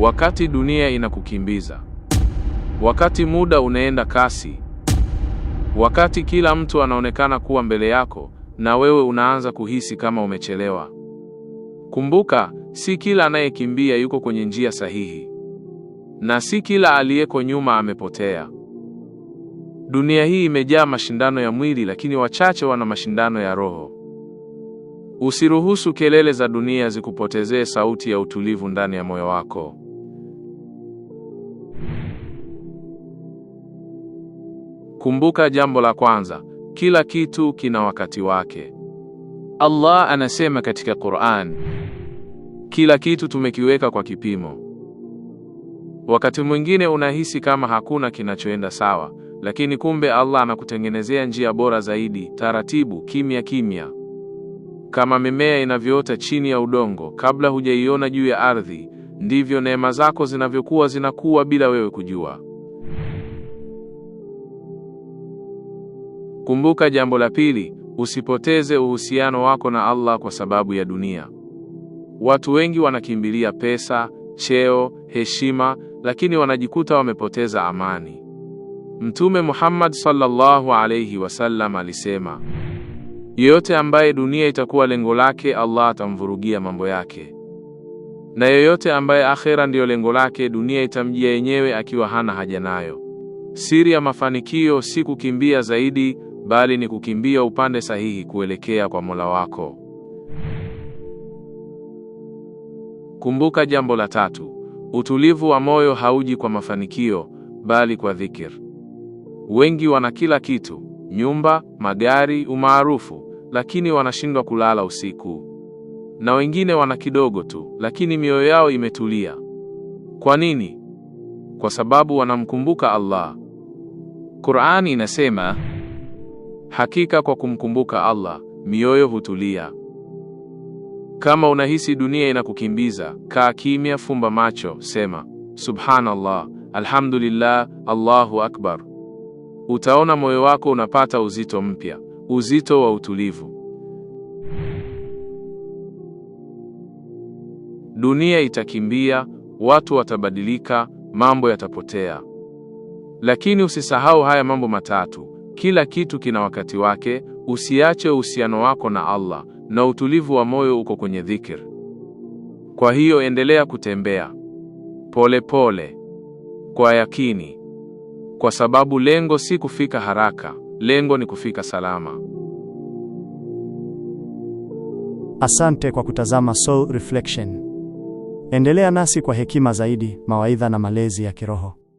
wakati dunia inakukimbiza, wakati muda unaenda kasi, wakati kila mtu anaonekana kuwa mbele yako na wewe unaanza kuhisi kama umechelewa. Kumbuka, si kila anayekimbia yuko kwenye njia sahihi, na si kila aliyeko nyuma amepotea. Dunia hii imejaa mashindano ya mwili, lakini wachache wana mashindano ya roho. Usiruhusu kelele za dunia zikupotezee sauti ya utulivu ndani ya moyo wako. Kumbuka jambo la kwanza, kila kitu kina wakati wake. Allah anasema katika Qur'an, kila kitu tumekiweka kwa kipimo. Wakati mwingine unahisi kama hakuna kinachoenda sawa, lakini kumbe Allah anakutengenezea njia bora zaidi, taratibu, kimya kimya, kama mimea inavyoota chini ya udongo kabla hujaiona juu ya ardhi, ndivyo neema zako zinavyokuwa zinakuwa bila wewe kujua. Kumbuka jambo la pili, usipoteze uhusiano wako na Allah kwa sababu ya dunia. Watu wengi wanakimbilia pesa, cheo, heshima, lakini wanajikuta wamepoteza amani. Mtume Muhammad sallallahu alayhi wasallam alisema, yeyote ambaye dunia itakuwa lengo lake, Allah atamvurugia mambo yake, na yeyote ambaye akhera ndiyo lengo lake, dunia itamjia yenyewe akiwa hana haja nayo. Siri ya mafanikio si kukimbia zaidi bali ni kukimbia upande sahihi kuelekea kwa Mola wako. Kumbuka jambo la tatu, utulivu wa moyo hauji kwa mafanikio, bali kwa dhikir. Wengi wana kila kitu, nyumba, magari, umaarufu, lakini wanashindwa kulala usiku. Na wengine wana kidogo tu, lakini mioyo yao imetulia. Kwa nini? Kwa sababu wanamkumbuka Allah. Qur'ani inasema Hakika kwa kumkumbuka Allah mioyo hutulia. Kama unahisi dunia inakukimbiza, kaa kimya, fumba macho, sema subhanallah, alhamdulillah, allahu akbar. Utaona moyo wako unapata uzito mpya, uzito wa utulivu. Dunia itakimbia, watu watabadilika, mambo yatapotea, lakini usisahau haya mambo matatu. Kila kitu kina wakati wake. Usiache uhusiano wako na Allah, na utulivu wa moyo uko kwenye dhikr. Kwa hiyo endelea kutembea polepole pole, kwa yakini, kwa sababu lengo si kufika haraka, lengo ni kufika salama. Asante kwa kutazama Soul Reflection. Endelea nasi kwa hekima zaidi, mawaidha na malezi ya kiroho.